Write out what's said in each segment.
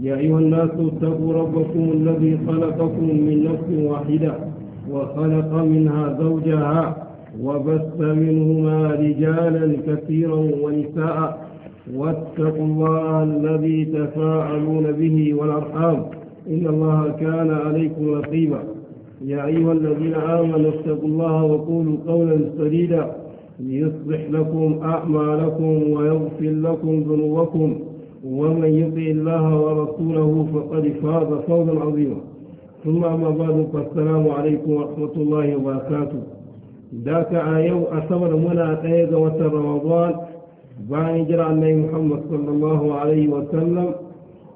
يا أيها الناس اتقوا ربكم الذي خلقكم من نفس واحدة وخلق منها زوجها وبث منهما رجالا كثيرا ونساء واتقوا الله الذي تفاعلون به والأرحام إن الله كان عليكم رقيبا يا أيها الذين آمنوا اتقوا الله وقولوا قولا سديدا ليصلح لكم أعمالكم ويغفر لكم ذنوبكم ومن يطع الله ورسوله فقد فاز فوزا عظيما ثم أما بعد فالسلام عليكم ورحمة الله وبركاته ذاك عيو أسمر منا أتيز وتر رمضان بان جرى النبي محمد صلى الله عليه وسلم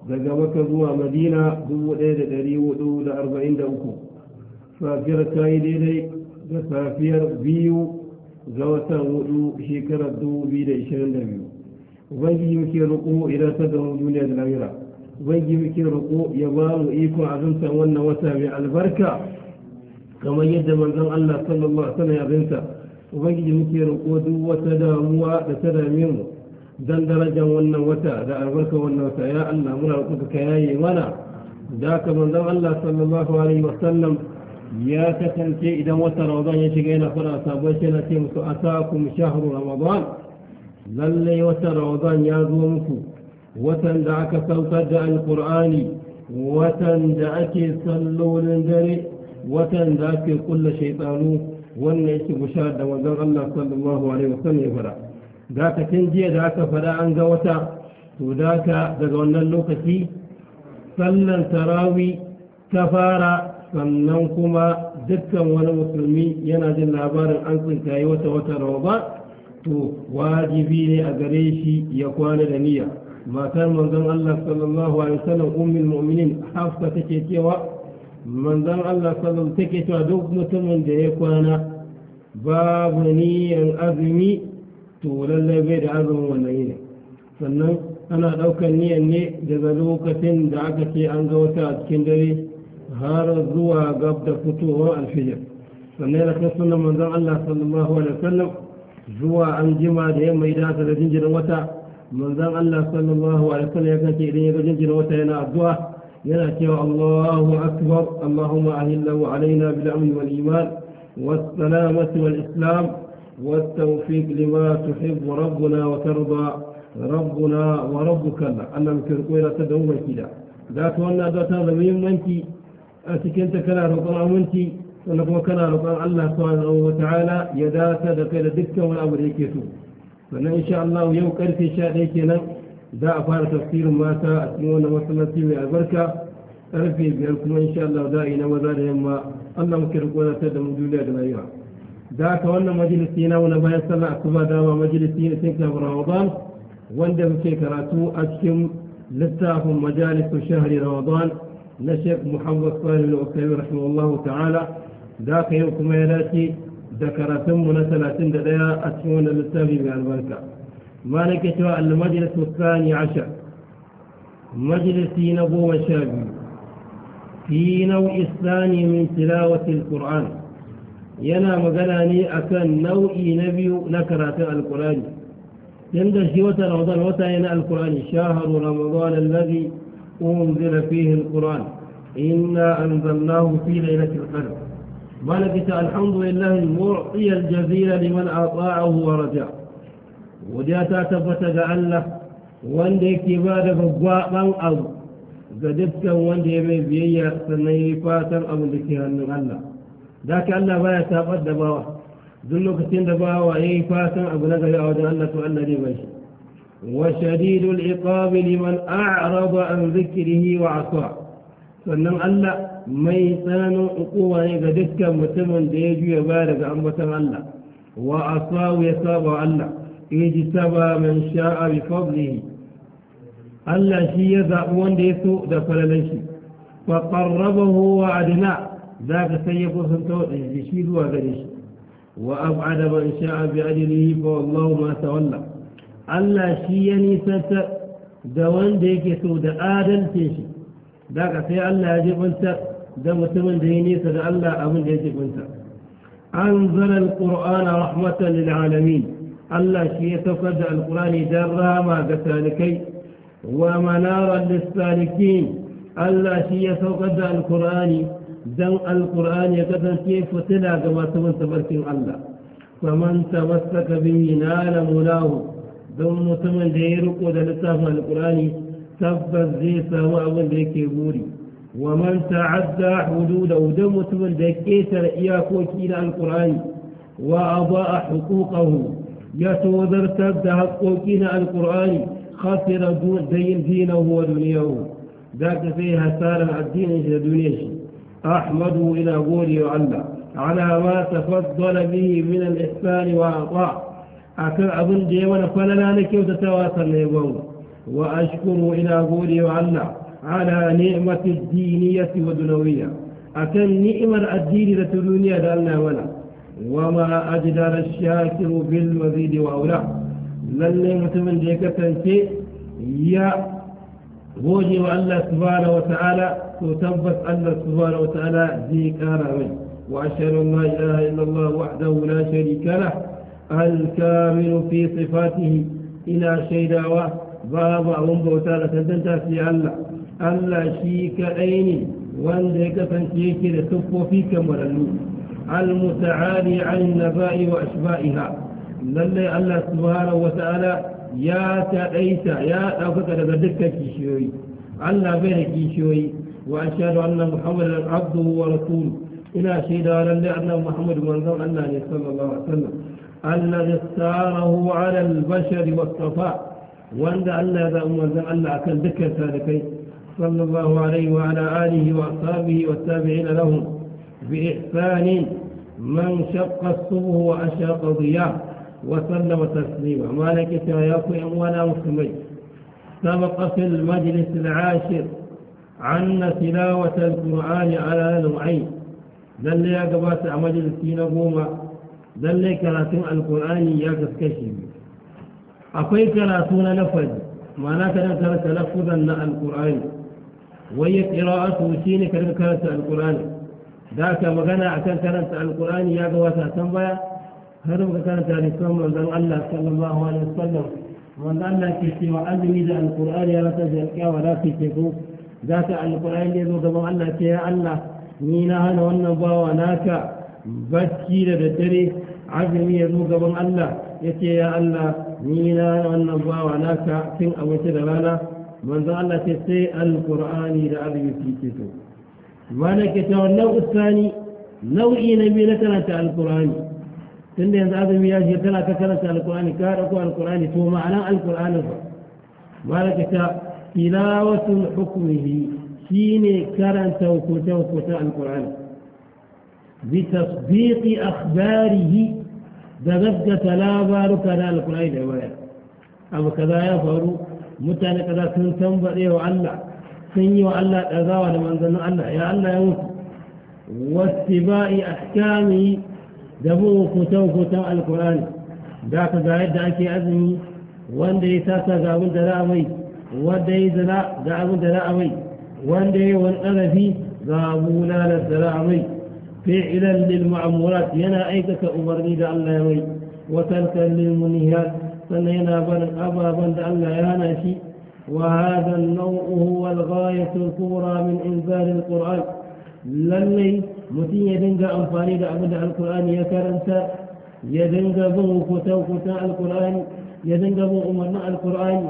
ذاك وكذوا مدينة دو ليلة دريو دو لأربعين دوكو فاكرة كاي ليلي فسافير بيو زوتا ودو شكرا دو بيدي شرن دبيو وجيم كي رقو إلى تدعو الدنيا الأخيرة وجيم كي رقو يبال إيكو عزمت ون وتابع البركة كما يد من ذن الله صلى الله عليه وسلم يغنت وجيم كي رقو دو وتدامو وتدامين ذن درجة ون ذا البركة ون يا الله من رقوك كي يمنى ذاك من ذن الله صلى الله عليه وسلم يا كتنتي إذا وتر وضعي شكينا فرا أصابوا شكينا تيمسو شهر رمضان lallai watan ramadan ya zo muku watan da aka saukar da alkur'ani watan da ake sallolin dare watan da ake kulla shaitanu wannan yake bushar da manzon Allah sallallahu alaihi wasallam ya fara da ka tun jiya da aka fara an ga wata to da ka daga wannan lokaci sallan tarawi ta fara sannan kuma dukkan wani musulmi yana jin labarin an tsinkaye wata wata ramadan to wajibi ne a gare shi ya kwana da niyya matar manzon Allah sallallahu alaihi wasallam ummul mu'minin hafsa take cewa manzon Allah sallallahu take cewa duk mutumin da ya kwana babu niyyan azumi to lalle bai da azumin wannan yini sannan ana daukar niyyan ne daga lokacin da aka ce an ga wata a cikin dare har zuwa gab da fitowar alfijir sannan yana kan sunan manzon Allah sallallahu alaihi wasallam zuwa an jima da yamma idan aka ga jinjirin wata manzan Allah sallallahu alaihi wasallam ya kace idan ya ga jinjirin wata yana addu'a yana cewa Allahu akbar Allahumma ahillahu alaina bil amn wal iman was was salamati wal islam tawfiq lima rabbuna wa tarda rabbuna wa rabbuka وترضى kirkuira وربك الله أن الكركوين تدعو كده ذات وانا ذات هذا a cikin ta kana roƙon منتي ولقوا كنا لقاء الله سبحانه وتعالى يداتا دقيل دكا ولا وريكيتو فلن إن شاء الله يوم قرتي شاديكينا داء فار تفسير ما تأتمون وصلتي ويأبركا أرفي بأركم إن شاء الله دائنا وذارهم الله مكركونا سيدا مدولا دلائها داء كوانا مجلسينا ونبايا صلى كما داوا مجلسين سنكا برعوضان وانده في كراتو أجكم لتاهم مجالس شهر رمضان نشيخ محمد صالح بن رحمه الله تعالى ذاك يوكم يلاتي ذكر ثم نسل عسند ديا أتمون المستفي بالبركة مالك شواء المجلس الثاني عشر مجلس نبو وشابي في نوع الثاني من تلاوة القرآن ينا مغلاني أكن نوع نبي نكرة القرآن يندى شوة رمضان وتا ينا القرآن شهر رمضان الذي أنزل فيه القرآن إنا أنزلناه في ليلة القدر ملكت الحمد لله المعطي الجزيل لمن أطاعه ورجع وجاتا تفتك الله واندي كبار فقواء من أرض زدتك واندي من بيئي أخسنني فاتا أو ذكرا من الله ذاك الله بايا تابد دباوة ذلك تندباوة وإي فاتا أو نقل أو دعالك لي بيش وشديد العقاب لمن أعرض عن ذكره وعصاه فنن الله mai tsanin hukuma ne ga dukkan mutumin da ya juya baya daga ambatan Allah wa asawu ya saba Allah iji saba man sha'a bi fadlihi Allah shi ya zaɓi wanda ya so da falalan shi fa qarrabahu wa adna zaka sai ya kusanta da shi zuwa gare shi wa ab'ada man sha'a bi ajlihi fa wallahu ma tawalla Allah shi ya nisanta da wanda yake so da adalcin shi daga sai Allah ya jibantar da mutumin da yi nesa da Allah abin da ya jibinta an zara alƙur'ana rahmatan lil alamin Allah shi ya saukar da alƙur'ani don rama ga talikai wa manaran lissalikin Allah shi ya saukar da alƙur'ani don alƙur'ani ya kasance fitila ga mutumin bin tabarkin Allah faman tamassaka bihi nala mulahu don mutumin da ya riko da littafin alƙur'ani tabbas zai samu abin da yake buri ومن تعدى حدوده دم تمن دكيتر إياكوكي إلى القرآن وأضاء حقوقه يتوذر تبدا حقوقين القرآن خسر دين دينه ودنياه ذات فيها سارا الدين إلى دنياه أحمده إلى قولي وعلا على ما تفضل به من الإحسان وأعطاء أكل أظن ديوانا فلنا نكيو تتواصل ليبون وأشكره إلى قولي وعلا على نعمة الدينية والدنوية أكن نعمة الدين الدنيا دالنا ولا وما أجدر الشاكر بالمزيد وأولا للنعمة من ديكة تنتي يا غوجي الله سبحانه وتعالى تتبث الله سبحانه وتعالى ذكر من وأشهد أن لا إله إلا الله وحده لا شريك له الكامل في صفاته إلى شيء دعوة بابا أمبو تعالى تنتهي الله Allah shi kaɗai ne wanda ya kasance yake da siffofi kamarallu al-muta'ali an naba'i wa ashba'iha lalle Allah subhanahu wa ta'ala ya taɗaita ya ɗaukaka daga dukkan kishiyoyi Allah bai da kishiyoyi wa ashhadu anna muhammadan abduhu wa rasuluhu ina shaida lalle annabi muhammad manzon Allah ne sallallahu alaihi wasallam alladhi istarahu ala al-bashar wa wanda Allah ya zama manzon Allah akan dukkan sadakai صلى الله عليه وعلى آله وأصحابه والتابعين لهم بإحسان من شق الصبح وأشاق ضياء وسلم تسليما مالك يا ولا مسلمين سبق في المجلس العاشر عن تلاوة القرآن على نوعين دل يا قبات مجلسين قوما دل كراتون القرآن يا كسكشي تون كراتون ما لا كان تلفظا القرآن وهي قراءة شيني كلمة كانت القرآن ذاك مغنى عشان كانت القرآن يا قوات تنبيا هذا ما كانت الإسلام يعني من الله صلى الله عليه وسلم من الله كيسي وعلمي ذا القرآن يا رسول ولا تشكو ذاك القرآن يزو قبل الله كيا الله نينا هنا ونبا وناكا بشير بتري عزمي يزو قبل الله يتي يا الله نينا هنا ونبا وناكا سن أو تدرانا من ذا الله تسي القرآن لعبي في تسو وانا كتاو النوء الثاني نوعي نبي نتنا تعالى القرآن تندي انت عظم ياجي تلا كتنا تعالى القرآن كاركو القرآن تو معنى القرآن وانا كتاو تلاوة حكمه كيني كران توقوتا وقوتا القرآن بتصديق أخباره ذا ذبقة لا بارك على القرآن أو كذا يا فاروق mutane kaza sun tambaye wa Allah sun yi wa Allah ɗazawa da manzannin Allah ya Allah ya mutu wasu ba'i a kyami da bin hukutan-hukutan alkur'ani da ka ga yadda ake azumi wanda ya sata ga abin da za a mai wanda ya zana ga abin da za a mai wanda ya wani ƙarafi ga bulalar da za a mai fi'ilan lil ma'amurat yana aikata umarni da Allah ya mai wa talkan lil munihat صلينا yana أبا ababen da يا ya وهذا النوع هو الغاية الكبرى من إنزال القرآن للي متين يدنجا أنفاني دا أبدا القرآن يا يكرنسا يدنجا بو كتو كتا القرآن يدنجا بو أمرنا القرآن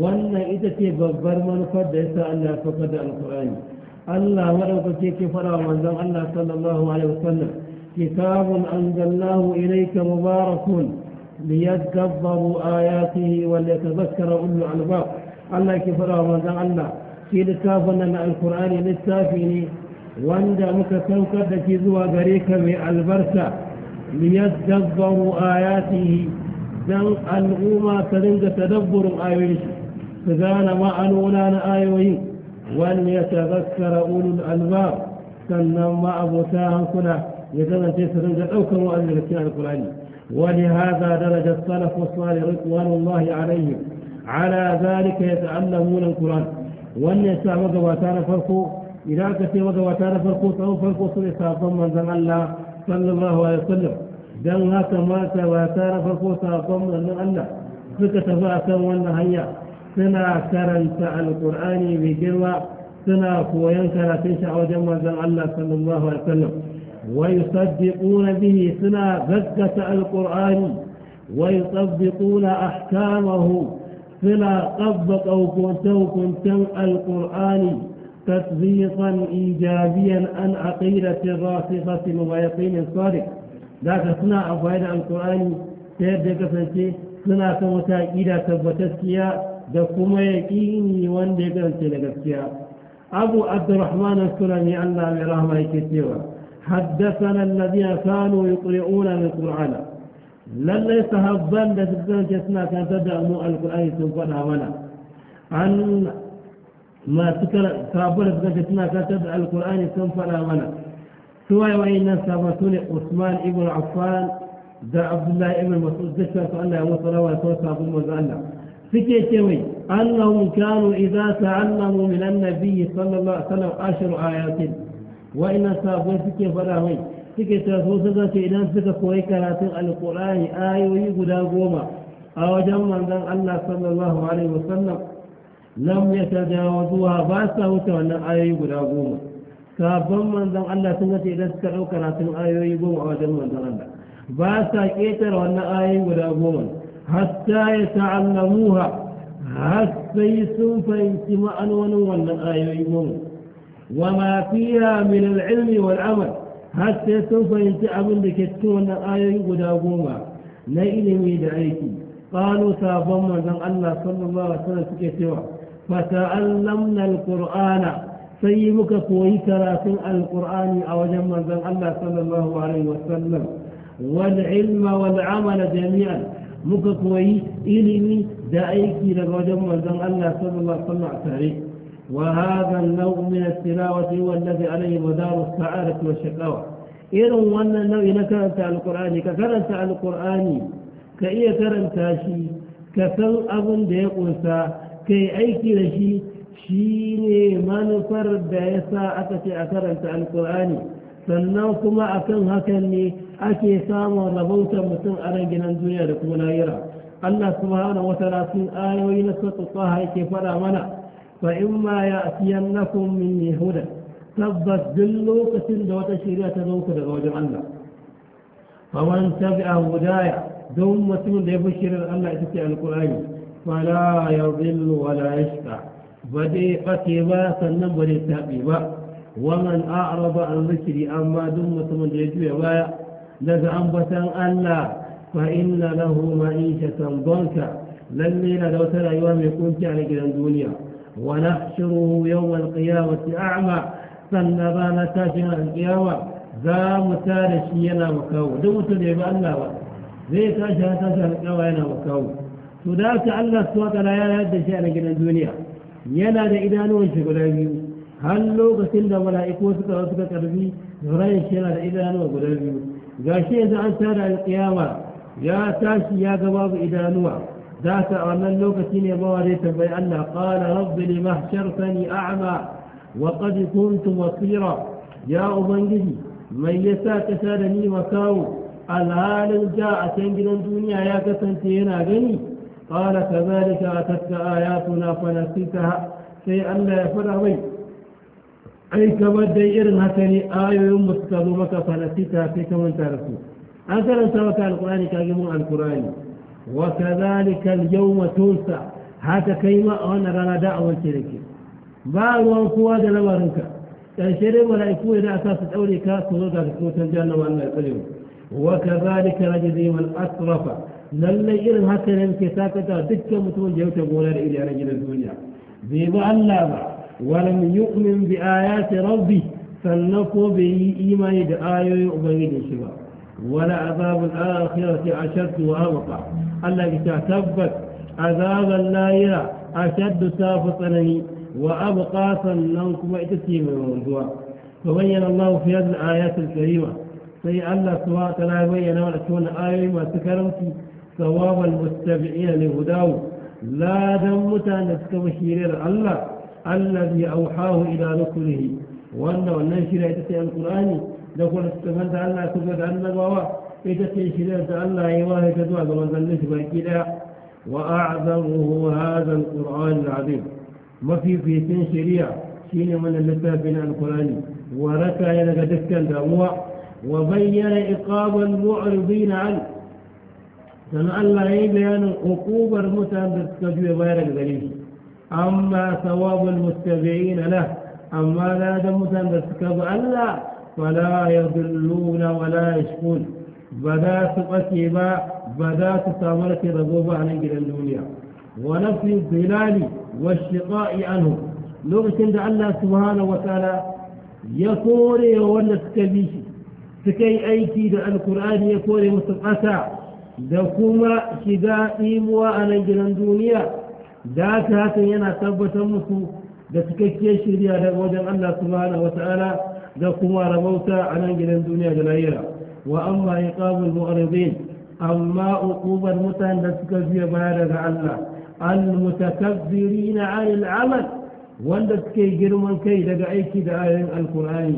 وانا إتتي ببر من فد يسا الله فقد القرآن الله ولو كتيك فرا وانزم الله صلى الله عليه وسلم كتاب أنزلناه إليك مبارك ليتدبروا آياته وليتذكر أولو الألباب الله كفر رمضان الله في لتاف أن القرآن للسافين وند مكتن قد كذوا غريك من البرسة ليتدبروا آياته دم ألغوما تدنج تدبر آياته فذان ما أنولان آيوه وليتذكر أولو الألباب سنما أبو ساهم كنا يتدنج تدنج أوكم أن يتدنج ولهذا درج السلف الصالح رضوان الله عليهم على ذلك يتعلمون القران والنساء وذواتان فرقوا إذا كثير وذواتان فرقوا أو فرقوا صلحة ثم أنزل الله صلى الله عليه وسلم دنها تمات وذواتان فرقوا ثم أنزل الله فك تفاءت هيا سنا كرنت القرآن بجروة سنا قوينك لا تنشع وجمع أنزل الله صلى الله عليه وسلم ويصدقون به سنا غزة القرآن ويطبقون أحكامه سنا طبقوا كنتو كنتو القرآن تطبيقا إيجابيا عن عقيدة راسخة ويقين صادق ذاك سنا أفايد القرآن تيبدك سنتي سنا كمتا إلى تبتسيا دكما يقيني وان دكما أبو عبد الرحمن السلمي الله برحمه كثيرا حدثنا الذين كانوا يقرؤون القرآن لن يستهبن لسبتنا جسنا كان تدعموا القرآن سنفنا ولا عن ما تكر سابولا جسنا كان تدع القرآن سنفنا ولا سوى وإن سابتون عثمان ابن عفان دا عبد الله ابن مسعود ذكر فأنا وصل وصل أبو مزعلة فكي كوي أنهم كانوا إذا تعلموا من النبي صلى الله عليه وسلم عشر آيات wa'ina sabon suke fada mai suke cewa su zace idan suka koyi karatun alkur'ani ayoyi guda goma a wajen manzan Allah sallallahu alaihi wasallam lam zuwa ba sa wuce wannan ayoyi guda goma sabon manzan Allah sun zace idan suka ɗau karatun ayoyi goma a wajen manzan Allah ba sa ƙetar wannan ayoyi guda goma hatta ya ta'allamuha har sai sun fahimci ma'anonin wannan ayoyi goma وما فيها من العلم والعمل har sai sun fahimci abin da ke cikin wannan ayoyi guda goma na ilimi da aiki ƙalo sabon manzon Allah sallallahu alaihi wasallam suke cewa fata'allamna alqur'ana sai muka koyi karatun alqur'ani a wajen manzon Allah sallallahu alaihi wasallam wal ilma wal amala jami'an muka koyi ilimi da aiki daga wajen manzon Allah sallallahu alaihi wasallam a tare وهذا النوع من التلاوة هو الذي عليه مدار السعادة والشقاوة إذن وأن النوع نكرت على القرآن ككرنت على القرآن كأي كرمت شيء كسل أبن ديقوسا كي أيكي لشي شيني منفر بيسا أكتي أكرمت على القرآن sannan kuma a kan hakan ne ake samun rabautar mutum a nan gidan duniya da kuma lahira Allah subhanahu wa ta'ala sun فإما يأتينكم مني هدى تبت دلو قسم دوت الشريعة تذوق دقوج الله فمن تبع هدايا دوم مسلم ديب الشريعة الله يتسع القرآن فلا يضل ولا يشفع بدي قتيبا سنن بدي تابيبا ومن أعرض عن ذكري أما دوم مسلم ديب يبايا لذا أنبتا الله فإن له معيشة ضنكا للي لو ترى يوم يكون في على الدنيا ونحشره يوم القيامة أعمى فالنبانة تاشر القيامة ذا تارش ينا وكو دمت ليب أن لا وقت زي تاشر تاشر القيامة ينا وكو سدات ألا سوات لا يهد شأن جنا الدنيا ينا دا إذا هل لو قتل ولا إكوس كوسك كربي غريش ينا دا إذا نو قلبي غاشي إذا أنت القيامة يا تاشي يا قباب إذا ذاك أن لوكتين يبواري بأن قال رب لما احشرتني أعمى وقد كنت مصيرا يا أبنجي من يسا تسالني وكاو الآن جاء تنجل الدنيا يا كسنتين أغني قال كذلك أتتك آياتنا فنسيتها أن لا يفرغي أي كما دير هكني آية يوم مستقبلك فنسيتها في كما ترسل أنت لن سوى القرآن كاجمون القرآن وكذلك اليوم تنسى هذا كيما انا رانا دعوة الشركة بعد وان قواد لبارنك الشريك ولا يكون إذا أساس أوليكا تضغط في الجنة وأن يقلم وكذلك نجزي من أطرف للي إلم حتى لنك ساكتا دكا متون جيوتا بولا إلى رجل الدنيا بما ألاب ولم يؤمن بآيات ربه فلنقو به إيمان دعايو يؤمن الشباب ولعذاب الآخرة أشد وأبقى الذي تثبت عذابا لا يرى أشد سافتنني وأبقى سننكم من الموضوع فبين الله في هذه الآيات الكريمة سي الله سواء تلا يبين ونحن آية ما سكرمتي ثواب المتبعين لهداه لا دمت أن الشرير الله الذي أوحاه إلى نكره وأنه النشر يتسيء القرآن دغون استمان دال الله تو دال الله واه اذا تشير دال الله يواه دوا دوان دال نسبا كلا واعظمه هذا القران العظيم ما في في شريعة شين من اللي بين القران وركع الى قدك الدموع وبين عقاب المعرضين عنه دان الله اي بيان عقوبة المتعب تسكجوا بغير الدليل اما ثواب المتبعين له اما لا دم تسكجوا الله فلا يضلون ولا يشكون بدا سقتي با بدا تسامرك رغوبة عن إلى الدنيا ونفي الظلال والشقاء عنه لغتين عند الله سبحانه وتعالى يقول ولا تكبيش تكي أي ده القرآن يقول مستقسع da kuma shiga imuwa إلى الدنيا ذات هاتين da ta hakan yana tabbatar musu da cikakkiyar shirya daga wajen Allah subhanahu wa ta'ala ذكما رموتا عن انجل الدنيا دلائرا واما عقاب المعرضين اما عقوبة متندسك في بارد الله المتكبرين عن العمل واندسك جرما كي لدعيك دعايا القرآن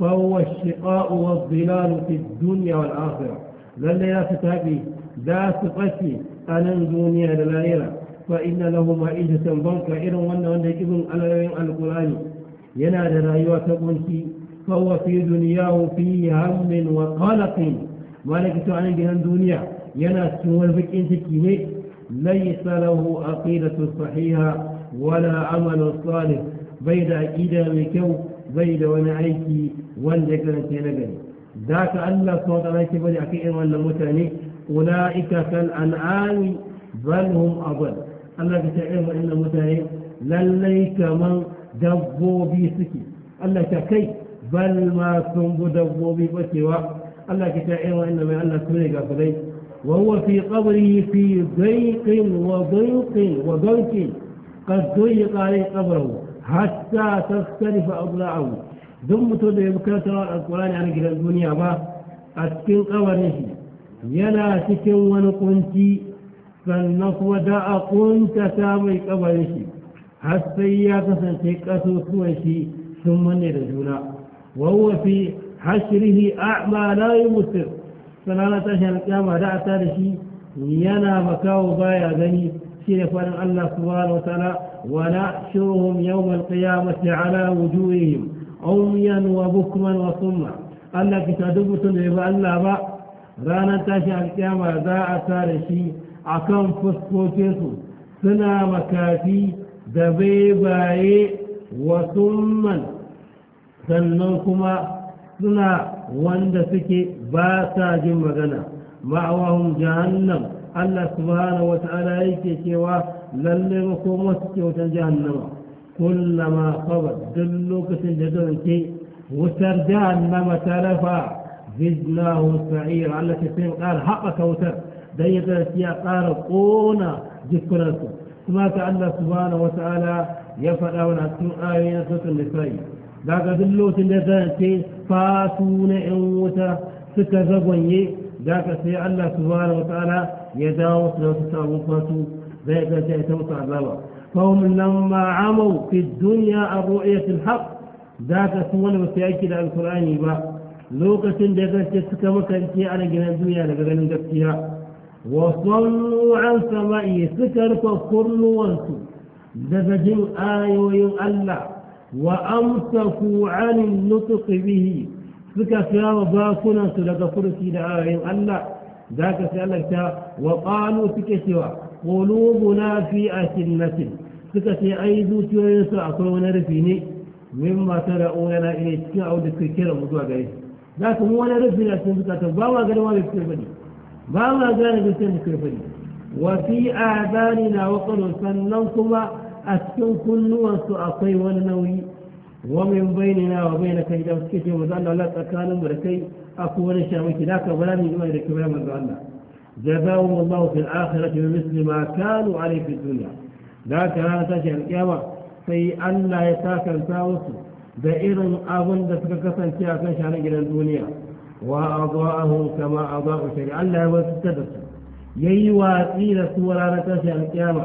فهو الشقاء والضلال في الدنيا والآخرة ذل يا ستابي ذات قتي أنا الدنيا دلائرا فإن له معيشة بنك إرم وانا وانا يجبن على القرآن ينادى رأيوة بنتي فهو في دنياه في هم وقلق مالك عن جهن دنيا ينا سوى انت تكيني ليس له عقيدة صحيحة ولا عمل صالح بيد عقيدة مكو بيد ونعيكي والذكرة نجري ذاك الله صوت عليك بل عقيدة ولا متاني أولئك كالأنعام بل هم أضل الله تعلم إن متاني لليك من دبوا بي سكي الله كيف بل ما كن بدو بسوى الله كتائه إيوة وإنما الله سميك أفضل وهو في قبره في ضيق وضيق وضيق قد ضيق عليه قبره حتى تختلف أضلاعه ثم تدعي بكرة القرآن عن كلا الدنيا با أتكن قبره ينا تكن ونقنتي فالنصوى داء قنت سامي قبره حتى يا يأتسن تكأسو ثم نرجونا وهو في حشره أعمى لا يمسر لا تشهر القيامة دع تارشي ينا مكاو بايا غني سير فان الله سبحانه وتعالى ونحشرهم يوم القيامة على وجوههم عميا وبكما وصما الله كتابة ربا الله با رانا تشهر القيامة دعا تارشي أكم فسكوتيسو سنا مكاتي دبيباي وصما sannan kuma suna wanda suke ba sa jin magana ma'awahun jahannam Allah subhanahu ta'ala yake cewa lalle makoma suke wutan jahannama kullama kaba duk lokacin da dauke wutar jahannama ta rafa zidnahum sa'ir Allah ta sai ƙara haɓaka wutar don ya zarci ya ƙara ƙona jikunansu kuma ka Allah subhanahu ta'ala ya faɗa wani a cikin ayoyin sautin nisa'i ga ga duk lokacin da zan ce fatu na yan wuta suka zagwanye za ka sai Allah subhanahu wataala ya dawo su da wasu sabon fatu zai ga sai ta musu azaba fahim lamma amau fi dunya a ru'yatul haqq za ka su wani ba su yaki da alkur'ani ba lokacin da gaske suka makance a gidan duniya daga ganin gaskiya wa sallu an sama'i suka rufe kunnuwansu daga jin ayoyin Allah وأمسكوا عن النطق به فكفر باكنا سلك فرسي ان لا ذاك سألك وقالوا فكسوا قلوبنا في أسنة فكسي أيضو تيسا أقوى نرفيني مما ترأوننا إليه أو ذكر موضوع غيره ذاك مو نرفينا سنبكة باوا غنوا بكرفني باوا غنوا بكرفني وفي آذاننا وقلوا سننكما أسكن كل وانسو أطي والنوي ومن بيننا وبينك إذا أسكت يوم ذلك تكالوا تكان مركي أكون شامك لك ولا من دون إذا كبير جزاهم الله في الآخرة بمثل ما كانوا عليه في الدنيا ذاك لا تشعر القيامة في أن لا يتاكل التاوس بئر أظن دفكك سنكي أكنش عليك إلى الدنيا وأضاءه كما أضاء أن لا يوجد تدرس ييوا إلى سورة لا تشعر القيامة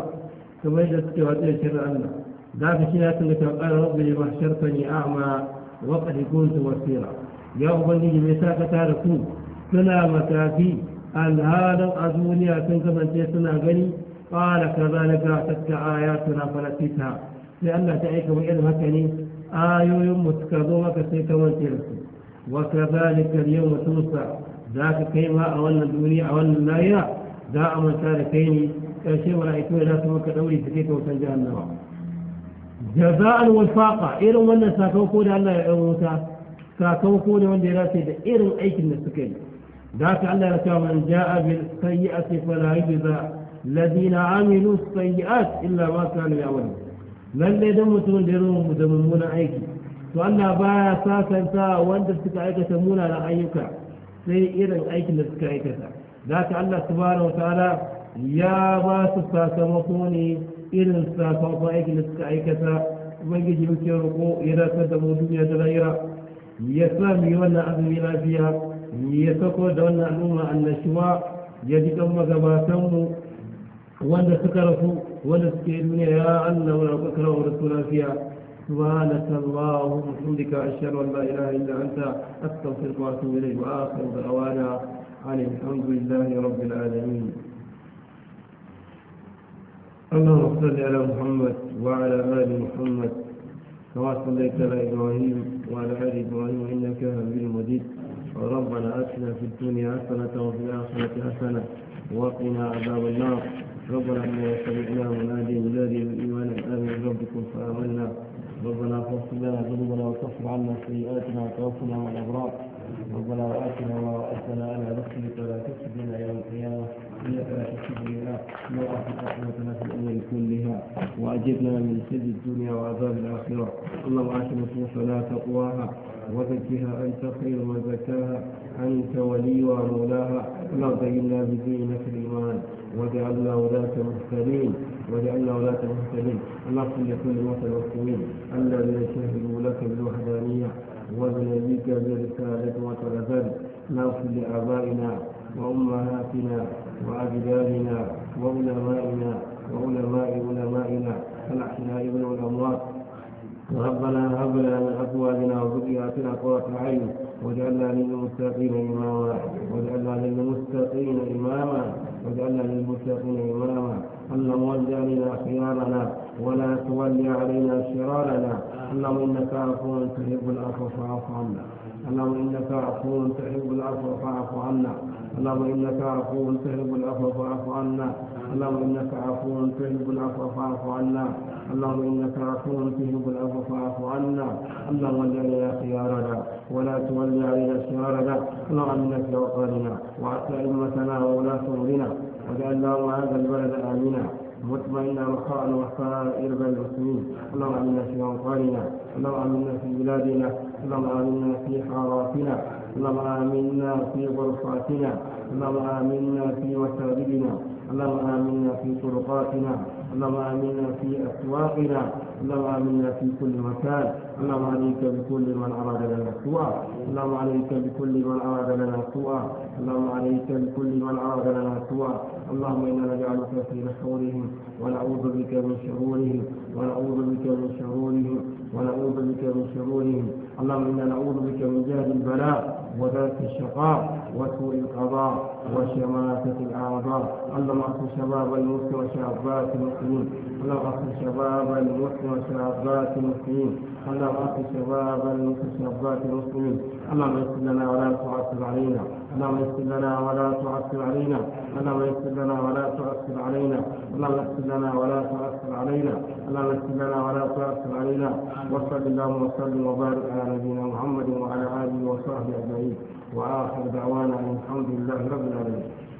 ثم يجد سواتي شر أنه ذاك شيئا أنك قال ربي لما حشرتني أعمى وقد كنت بصيرا يا بني ميثاق تاركو سنا مكافي هذا أزموني أتنك من تيسنا غني قال كذلك اعتدت آياتنا فنسيتها لأن تعيك وإلهكني آيو يوم متكذوما كسيك من وكذلك اليوم توسع ذاك كيما أولنا الدنيا أولنا لا يرى ذا أمن تاركيني كاشين ولا يتوى لا تمك دولي تكيت وتنجى النار جزاء وفاقة إيرو من ساكو كون الله يعوتا ساكو كون من دراسة إيرو أيك نسكين ذاك الله يرسى من جاء بالسيئة فلا يجزى الذين عملوا السيئات إلا ما كانوا يعملون من لا يدمتون لروم مدممون أيك وأن أبا ساسا ساء وأن تفتك أيك تمونا لأيك سيئة أيك نسكا أيك ذاك الله سبحانه وتعالى يا باس الساسة مطوني إلى ساسا وطائق لسكعيكة ويجي بكيرقو إلى سدمو دنيا دغيرة يسلام يوانا أذن إلى فيها يسكو دونا أنوما أن نشوا يجي كما كما سمو وانا سكرفو وانا سكيدوني يا أن وانا أكره رسولا فيها سبحانك اللهم وبحمدك أشهد أن لا إله إلا أنت أستغفرك وأتوب إليك وآخر دعوانا عن الحمد لله رب العالمين اللهم صل على محمد وعلى آل محمد كما صليت على إبراهيم وعلى آل إبراهيم إنك حميد مجيد ربنا آتنا في الدنيا حسنة وفي الآخرة حسنة وقنا عذاب النار ربنا ما سمعنا مناديا ولادي بالإيمان الآمن بربكم فآمنا ربنا فاغفر لنا ذنوبنا وكفر عنا سيئاتنا وتوفنا مع الأبرار ربنا وآتنا ما وعدتنا على ولا ولا لنا يوم القيامة إنك في كلها وأجبنا من سد الدنيا وعذاب الآخرة اللهم آت نفوسنا تقواها وزكها أنت خير من زكاها أنت ولي ومولاها اللهم زينا بدينك الإيمان وجعلنا ولاة مهتدين وجعلنا ولاة مهتدين اللهم لكل موتى المسلمين الذين شهدوا لك بالوحدانية وبنبيك برسالة اللهم نغفر لآبائنا وأمهاتنا وأجدادنا وعلمائنا وعلماء علمائنا الأحياء والأموات ربنا وهبنا لنا من أزواجنا وذرياتنا قرة عين واجعلنا للمتقين إماما واجعلنا للمتقين إماما واجعلنا للمتقين إماما اللهم علينا خيارنا ولا تولي علينا شرارنا اللهم إنك عفو تحب العفو فاعف عنا اللهم إنك عفو تحب العفو فاعف عنا اللهم إنك عفو تحب العفو فاعف عنا اللهم إنك عفو تحب العفو فاعف عنا اللهم إنك عفو تحب العفو فاعف عنا اللهم اجعلنا خيارنا ولا تولي علينا شرارنا اللهم امنا في اوطاننا وعسى أئمتنا وولاة أمورنا واجعل اللهم هذا البلد آمنا مطمئنا رخاء وسائر بين المسلمين اللهم امنا في اوطاننا اللهم امنا في بلادنا اللهم امنا في حاراتنا اللهم آمنا في غرفاتنا اللهم آمنا في مساجدنا اللهم آمنا في طرقاتنا اللهم آمنا في أسواقنا اللهم آمنا في كل مكان اللهم عليك بكل من أراد لنا سوءا اللهم عليك بكل من أراد لنا سوءا اللهم عليك بكل من أراد لنا سوءا اللهم إنا نجعلك في نحورهم ونعوذ بك من شرورهم ونعوذ بك من شرورهم ونعوذ بك من شرورهم اللهم إنا نعوذ بك من جهل البلاء وذات الشقاء وسوء القضاء وشماتة الأعضاء اللهم اغفر شباب المسلم وشابات المسلمين اللهم اغفر شباب المسلم وشابات المسلمين اللهم اغفر شباب المسلم وشابات المسلمين اللهم اغفر لنا ولا تعسر علينا اللهم يسر لنا ولا تعسر علينا اللهم يسر لنا ولا تعسر علينا اللهم يسر لنا ولا تعسر علينا اللهم يسر لنا ولا تعسر علينا وصل اللهم وسلم وبارك على نبينا محمد وعلى اله وصحبه اجمعين واخر دعوانا الحمد لله رب العالمين